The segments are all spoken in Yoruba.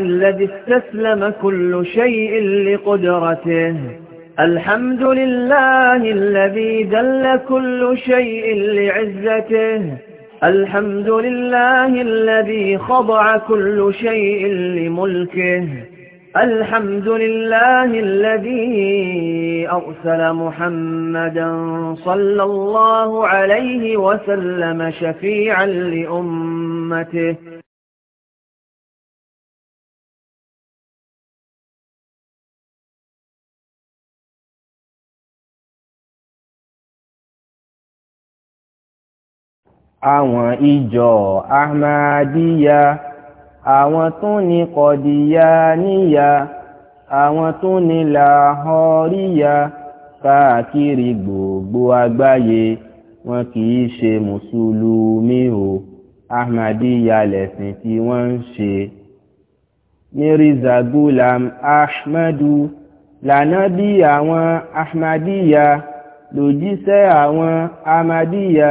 الذي استسلم كل شيء لقدرته الحمد لله الذي دل كل شيء لعزته الحمد لله الذي خضع كل شيء لملكه الحمد لله الذي أرسل محمدا صلى الله عليه وسلم شفيعا لأمته àwọn ìjọ ahmadiyya àwọn tún ní kọdíyà níyà àwọn tún ní làhọríyà káàkiri gbogbo àgbáyé wọn kì í ṣe mùsùlùmí o ahmadiyya lẹ̀sìn tí wọ́n ń ṣe mirza gulam ahmadu lànábì àwọn ahmadiyya lòjíṣẹ́ àwọn ahmadiyya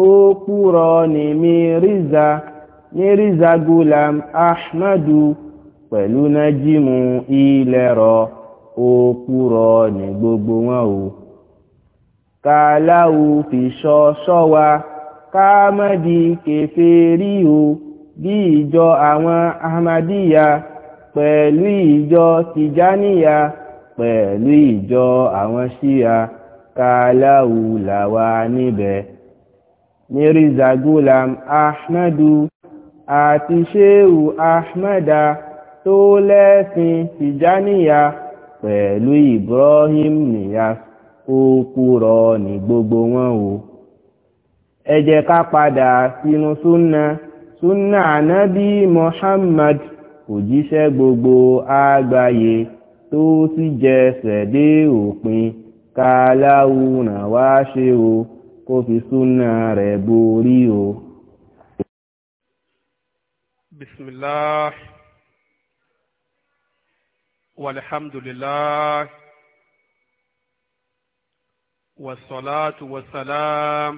tó kúrọ ní Mírízà Mírízà Gulam Ahmadu pẹ̀lú nájímù ilẹ̀rọ ó kúrọ ní gbogbo wọn o kàláwù fi ṣọ́ ṣọ́ wa káàmọ́dì kèfèrí o bí ìjọ àwọn ahmadiyya pẹ̀lú ìjọ tìjáníyà pẹ̀lú ìjọ àwọn ṣíya kàláwù làwa níbẹ̀ mirza gulam ahmadu àti sheu ahmada tó lẹ́sìn tìjáníyà pẹ̀lú ibrahim niyas ó kúrọ ní gbogbo wọn o ẹ ká padà sínú súnà súnà ànábì muhammad òjíṣẹ́ gbogbo àgbáyé tó sì jẹsẹ̀ dé òpin ká láwùrán wá ṣe o. kó fi súnà rẹ̀ borí o. bismillah walhamdulillah wasalaatu wasalaam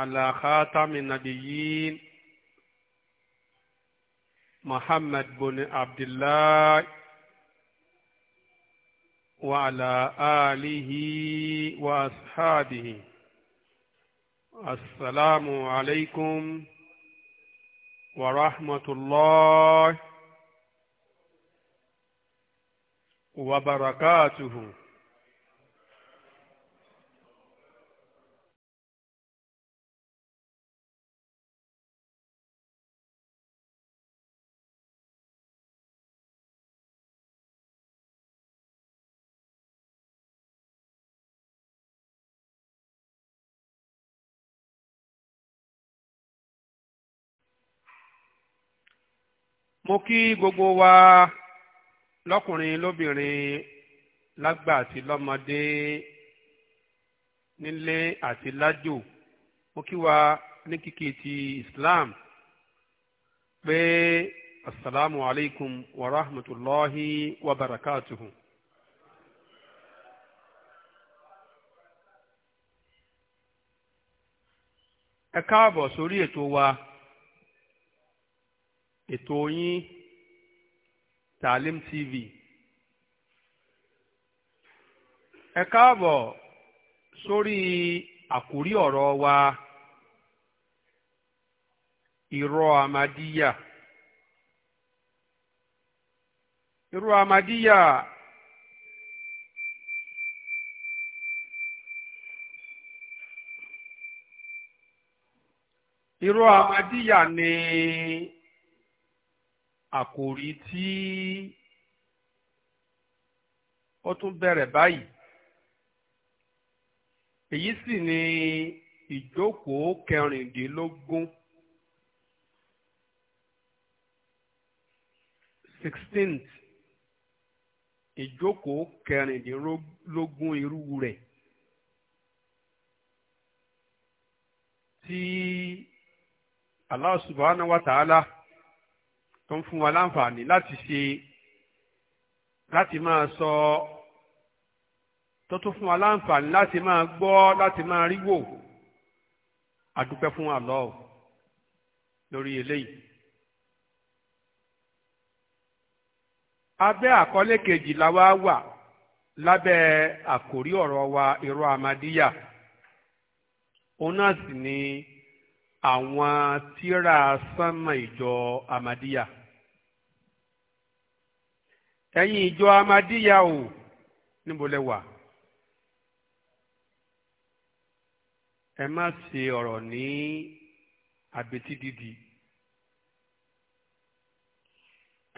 ala khatami nabiyyin muhammad bin abdullah. وعلى آله وأصحابه السلام عليكم ورحمة الله وبركاته mo kí gbogbo wa lọ́kùnrin lóbìnrin lágbà àti lọ́mọdé nílé àti lájò mo kí wa ní kíkí ti Islam pé asalaamu alaykum wa rahmatulahi wa barakatuhu. ẹ káàbọ̀ sórí ètò wa. ètò yín Taalim TV ẹ káàbọ̀ sórí àkórí ọ̀rọ̀ wa iro Amadiya iro Amadiya iro Amadiya ni. àkòrí tí ó tún bẹ̀rẹ̀ báyìí èyí sì ni ìjókòó kẹrìndínlógún sixteenth ìjókòó kẹrìndínlógún irú rẹ̀ tí Allah subhanahu wa ta'ala tó ń fún wa láǹfààní láti ṣe láti máa sọ tó tún fún wa láǹfààní láti máa gbọ́ láti máa rí wò àdúpẹ́ fún Allah lórí eléyìí. abẹ́ àkọlé kejì la wá wà lábẹ́ àkòrí ọ̀rọ̀ wa irọ́ amadíyà òun náà sì ni àwọn tíra sánmà ìjọ amadíyà. ẹyin ìjọ amadíyà o níbo lẹ wà ẹ má ṣe ọ̀rọ̀ ní abetí dídì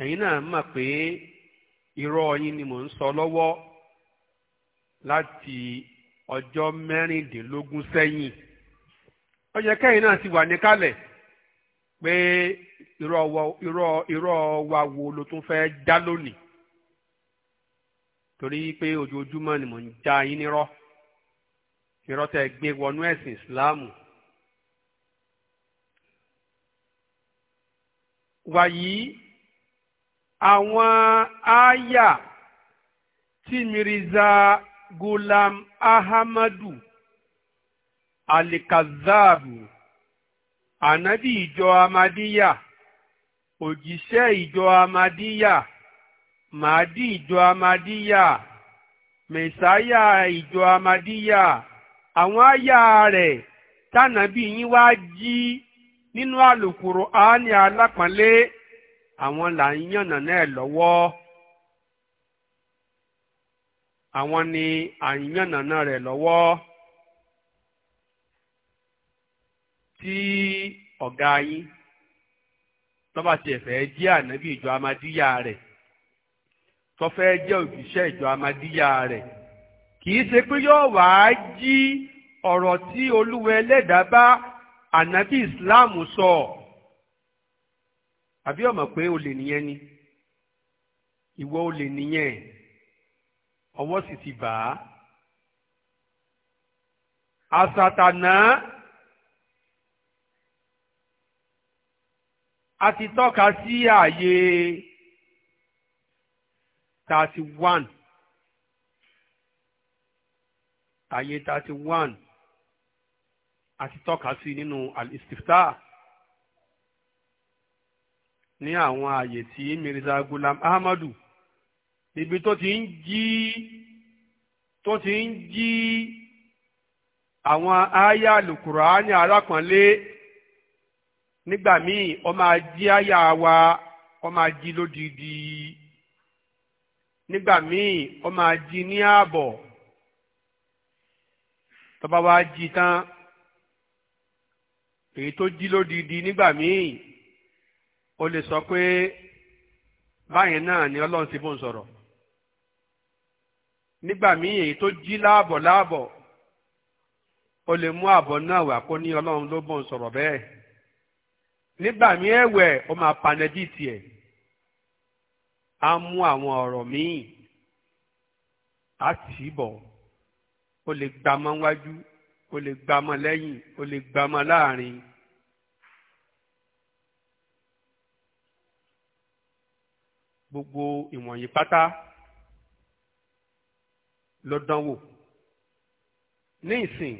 ẹ̀yin náà mọ̀ pé irọ́ ọyìn ni mò ń sọ lọ́wọ́ láti ọjọ́ mẹ́rìndínlógún sẹ́yìn ó yẹ kẹ́yìn náà ti wà níkàlẹ̀ pé irọ́ wa wo ló tún fẹ́ já lónìí. torí pé ojoojúmọ́ ni mò ń já yín nírọ́ irọ́ tẹ́ gbé wọnú ẹ̀sìn ìsìláàmù. wàyí àwọn àyà tí Mirza Gulam Ahmadu alikazabu ànábì ìjọ amadiya òjíṣẹ́ ìjọ amadiya. màádì ìjọ amadíyà mẹ̀sáyà ìjọ amadíyà àwọn àyà rẹ̀ tànàbí yín wá jí nínú àlùkùrù àání alápọ̀nlé àwọn là ń yànnà náà lọ́wọ́ àwọn ni à ń yànnà náà rẹ̀ lọ́wọ́ tí ọ̀gá yín tọ́ba jí ànábì ìjọ amadíyà rẹ̀. tó fẹ́ jẹ́ òjíṣẹ́ ìjọ amadíyà rẹ̀ kì í ṣe pé yóò wá jí ọ̀rọ̀ tí olúwa ẹlẹ́dàá bá ànábì islam sọ àbí o mọ̀ pé olè nìyẹn ni ìwọ olè nìyẹn ọwọ́ sì ti bà á àsàtànà a tọ́ka sí ààyè thirty one àyè thirty one àti tọ́ka sí nínú al-istifta ní àwọn àyè tí Mirza Gulam Ahmadu ibi tó ti ń jí tó ti ń jí àwọn aya alukurani alákànlé nígbà míì ó máa jí aya wa ó máa lódìdí nígbà míì ó máa jí ní ààbọ̀ tó bá wá jí tán èyí tó jí lódìdí nígbà míì ó lè sọ pé báyìí náà ni ọlọ́run ti bó ń sọ̀rọ̀ nígbà míì èyí tó jí láàbọ̀ láàbọ̀ ó lè mú àbọ̀ náà wà kó ní ọlọ́run ló bó ń sọ̀rọ̀ bẹ́ẹ̀ nígbà míì ẹ̀wẹ̀ ó máa panẹ́jì tiẹ̀ á mú àwọn ọ̀rọ̀ míì á tì í bọ̀ ó lè gbámọ́ wájú ó lè gbámọ́ lẹ́yìn ó lè gbámọ́ láàrin. gbogbo ìwọ̀nyí pátá ló ní ìsìn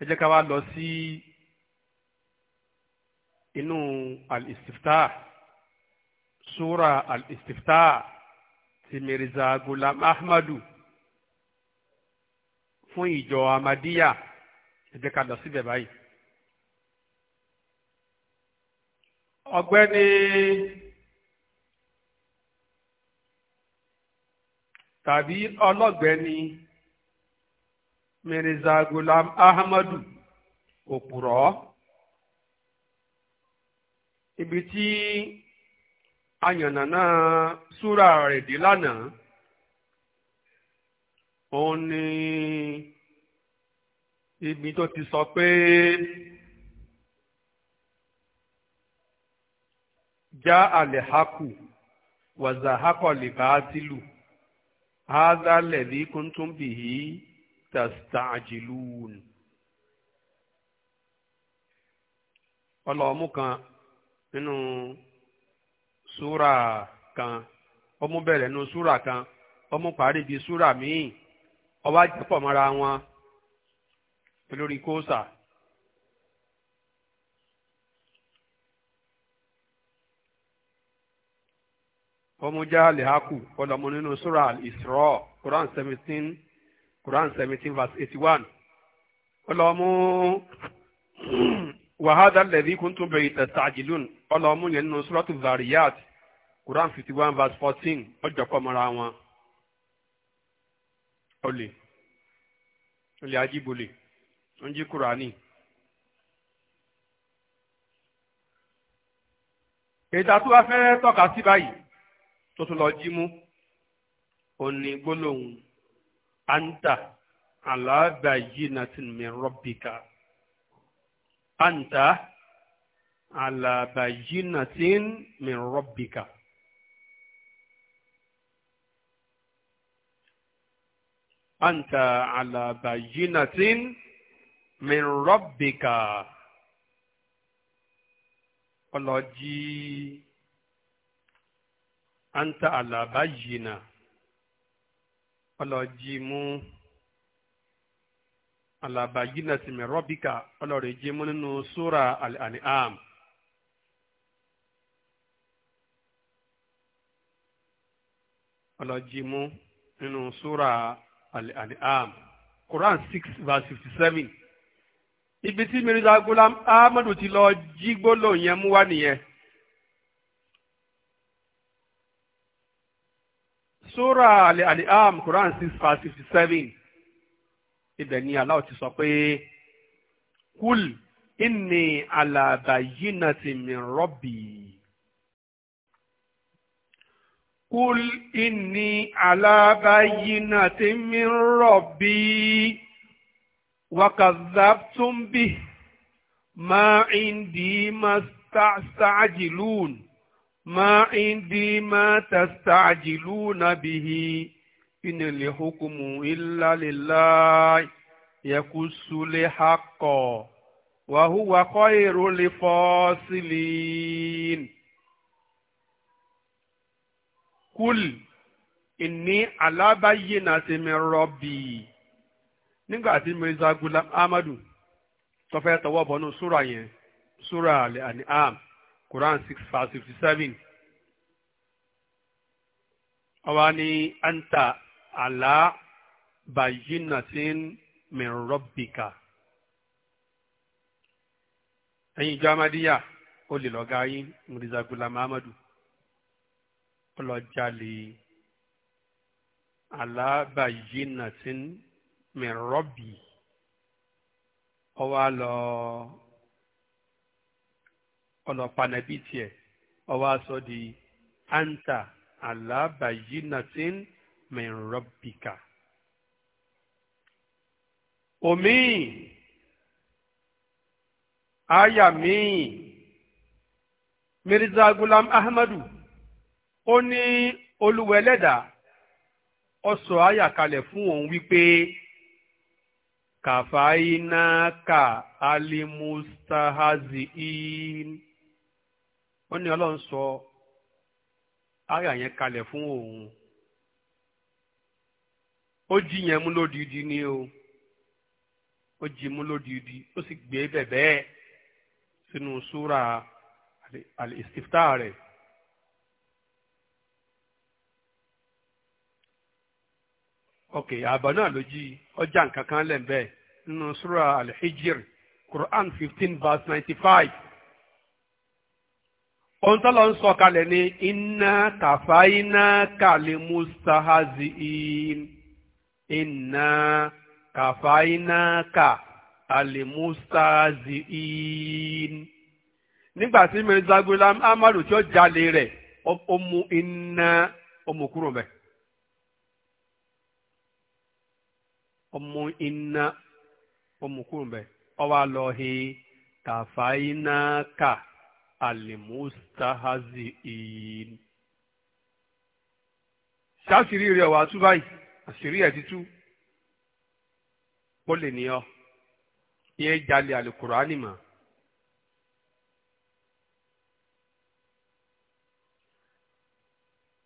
ẹ jẹ́ ká wá lọ sí inú al-istiftah sura al-istifta ti mirza gulam ahmadu fún ìjọ amadiya ẹ jẹ́ ká lọ síbẹ̀ báyìí. ọ̀gbẹ́ni tàbí ọlọ́gbẹ́ni mirza gulam ahmadu òpùrọ́ ibi tí ayànnànà súra rẹ̀ dé lánàá òun ni ibi tó ti sọ pé já àlẹ́ hákù wàzàhákọ̀ lè bá tìlù hádà lẹ̀dí kúntùm bìhí tàstàjìlùún. ọlọ́ọ̀mù kan nínú. sura kan ọmú bẹ̀rẹ̀ nu kan ọmú parí bíi súrà míì ọba jẹ́pọ̀ mọ́ra wọn lórí kóòsà. ọmọjá lehaku ọlọmọ nínú Isra Quran seventeen Quran seventeen verse eighty one ọlọmọ wàhádà lẹ́dí kúntùbẹ̀rẹ̀ tẹ̀sán àjìlún. ọlọ́mú yẹn nínú sọ́lọ́tù Zariyat Quran fifty one verse fourteen ọjọ́ kọ́ mọ́ra wọn. olè olè ajíbolè ó ń jí Kúránì. ìta tó wá fẹ́ tọ́ka sí báyìí tó tún lọ jí mú òní gbólóhùn anta ala bayyinatin min anta àlàbàyínàtín min rabbika. anta àlàbàyínàtín min rabbika. ọlọ́jí anta àlàbàyínà ọlọ́jí mú àlàbàyínàtín min rabbika ọlọ́rẹ̀ jí mú nínú súra al-an'am. Al ọlọ́jìmú nínú sura al-An'am Quran six verse fifty seven ibi tí Mirza Ghulam Ahmadu ti lọ jí gbólóhùn yẹn mú wá nìyẹn. Sura Al-An'am Quran 6 verse 57. Ibẹ̀ ni Allah ti sọ pé, Kul inni ala bayyinatin min قل إني على بينة من ربي وكذبتم به ما عندي ما تستعجلون ما عندي ما تستعجلون به إن الحكم إلا لله يقص الحق وهو خير الفاصلين kúl ìní alábáyé náà ti mi rọ́bì nígbà tí Mirza Gulam Amadu tó fẹ́ tọwọ́ bọ̀nú súra yẹn súra Al-An'am Quran six verse fifty seven àwa ni anta alábáyé náà ti mi rọ́bì ká ẹ̀yin ìjọ amadíyà olè lọ́gá yín Mirza Gulam Amadu ọlọ́jàlè alábàyínàtín mìrọ́bì ọwọ́ lọ ọlọ́pànàbí tiẹ̀ ọwọ́ sọ di anta alábàyínàtín mìrọ́bìkà. omi aya mi Mirza Gulam Ahmadu ó ní olúwa ẹlẹ́dàá ó sọ àyà kalẹ̀ fún òun wípé kàfáínáàkà alimustahaziin ó ní ọlọ́run sọ àyà yẹn kalẹ̀ fún òun ó jí yẹn mú lódìdí ni o ó jí mú lódìdí ó sì gbé bẹ̀bẹ́ sínú súra al-istiftah rẹ̀. ok àbọ̀ náà ló jí ọjà nǹkan kan lẹ̀ nínú sura al quran fifteen verse ninety five ohun tó lọ ń sọ kalẹ̀ ni inna kàfáínà kàlí inna kàfáínà kà àlè mustahazi'in nígbà tí Mirza Ghulam Amadu tí ó jalè rẹ̀ ó mú iná ó mú kúrò bẹ́ẹ̀. ọmọ iná ọmọ kúrò mbẹ ọwọ alọhi tàfáínáka alimustahazi iin ṣáṣírí rẹ wàá tú báyìí àṣírí ẹ ti tú ó lè ní ọ ìyẹn jalè alukurani mọ́.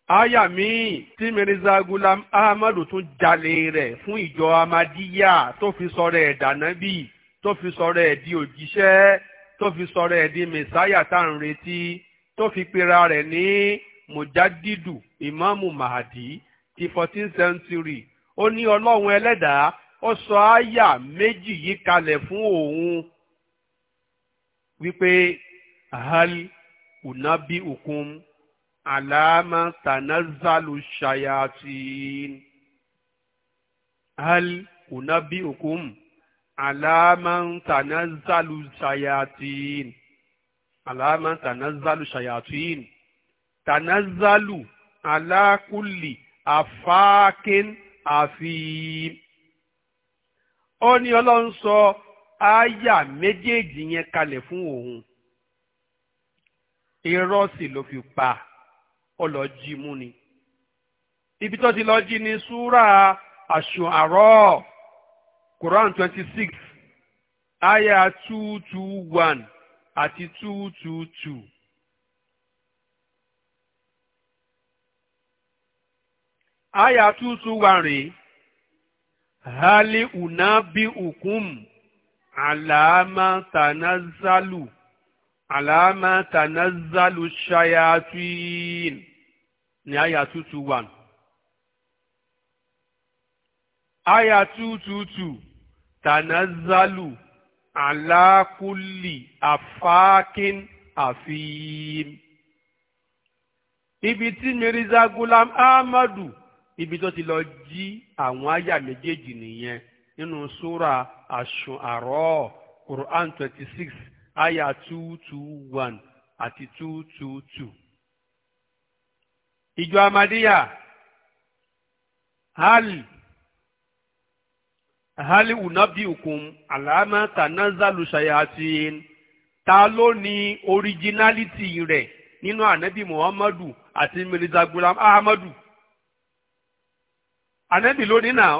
aya mi, tí mirza gulam ahmadu tún jalè rẹ̀ fún ìjọ amadiya tó fi sọ̀rọ̀ ẹ̀ dànábì tó fi sọ̀rọ̀ ẹ̀ di òjíṣẹ́ tó fi sọ̀rọ̀ ẹ̀ di mẹsáyà tá à ń retí tó fi pera rẹ̀ ní mujadidu imamu mahadi ti fourteen century ó ní ọlọ́run ẹlẹ́dàá ó sọ aya méjì yìí kalẹ̀ fún òun wípé hal unabi ukum alama tanazalu shayatin hal unabiukum alama tanazalu shayatin alama tanazalu shayatin tanazalu ala kulli afakin afim ó ní ọlọ́run sọ ááyà méjèèjì yẹn kalẹ̀ fún òun irọ́ ló fi pa ó lọ jí mú ni ibi tó ti lọ jí ni súrà àṣùàrọ̀ Quran twenty six aya two two one àti two two two. aya two two one hali unabi ukum alama tanazalu alama tanazzalu shayatin ní àyà two two one àyà two two two tanazzalu ala kulli afakin afim ibi tí mirza gulam ahmadu ibi tó ti lọ jí àwọn àyà méjèèjì nìyẹn nínú súra àṣùn àrọ quran twenty six aya two two one àti two two two. ìjọ amadiya hali hali unabi ukun alama tanazalu shayatin ta ló ní orijinaliti rẹ̀ nínú anabi muhammadu àti mirza gulam ahmadu anabi ló ní náà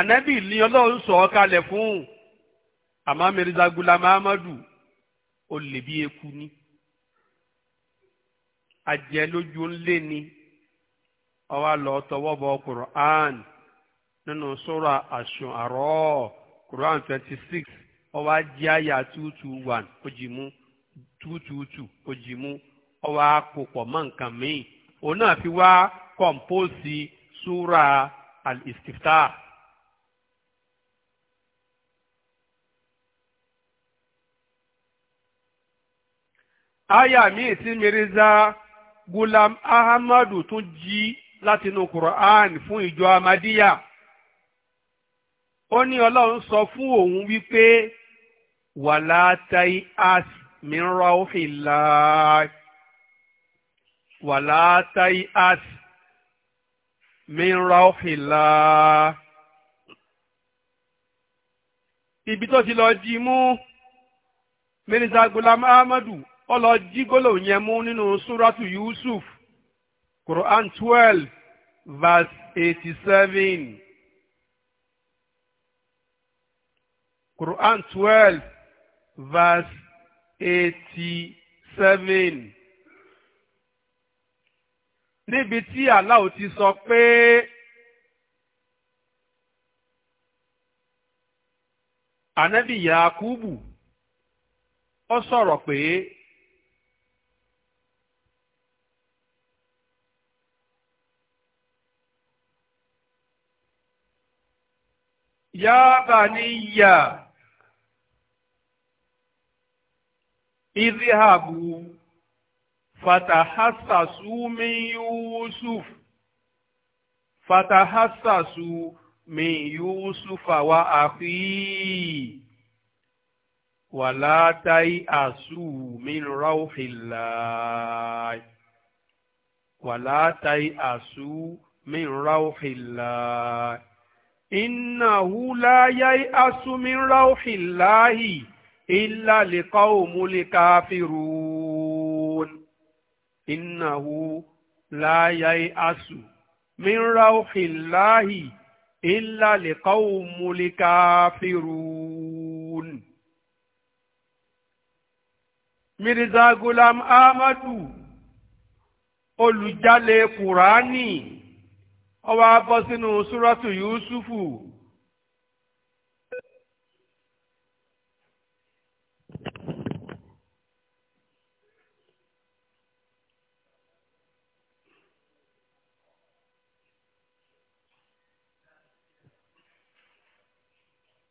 anabi ni Ọlọ́run sọ ọ́ kalẹ̀ fún un. àmọ́ Mirza Gulam Ahmadu ó lè bí eku ní ajẹ́ lójú ńlé ni ọwọ́ lọ tọwọ́ bọ Quran nínú sura Ash-Shu'ara Quran twenty six ọwọ́ ajé àyà two two one ó jì mú two two two ó jì mú ọwọ́ àpòpọ̀ mọ́ nǹkan míì òun náà fi wá kọ̀mpóòsì súra al-Istiftah. aya míì tí mirza gulam ahmadu tún lati látinú quran fun ìjọ amadiya ó ní ọlọ́run sọ fún òun wípé wàlá tai as min rauhillah wàlá tai as min rauhillah ibi tó ti lọ jí mú mirza gulam ahmadu ó lọ jí gbólóhùn yẹn mú nínú súrátù Yusuf Quran twelve verse eighty seven Quran twelve verse eighty seven níbi tí Allah ti sọ pé Ànábì Yakubu ó sọ̀rọ̀ pé. يا بني اذهبوا فتحسسوا من يوسف فتحسسوا من يوسف وأخيه ولا تيأسوا من روح الله ولا تيأسوا من روح الله innahu la yai'asu min rauhillahi illa liqaumil kafirun innahu la yai'asu min rauhillahi illa liqaumil kafirun mirza gulam amadu olùjalè kùránì ó wá bọ́ sínú súrọ́tù Yusufu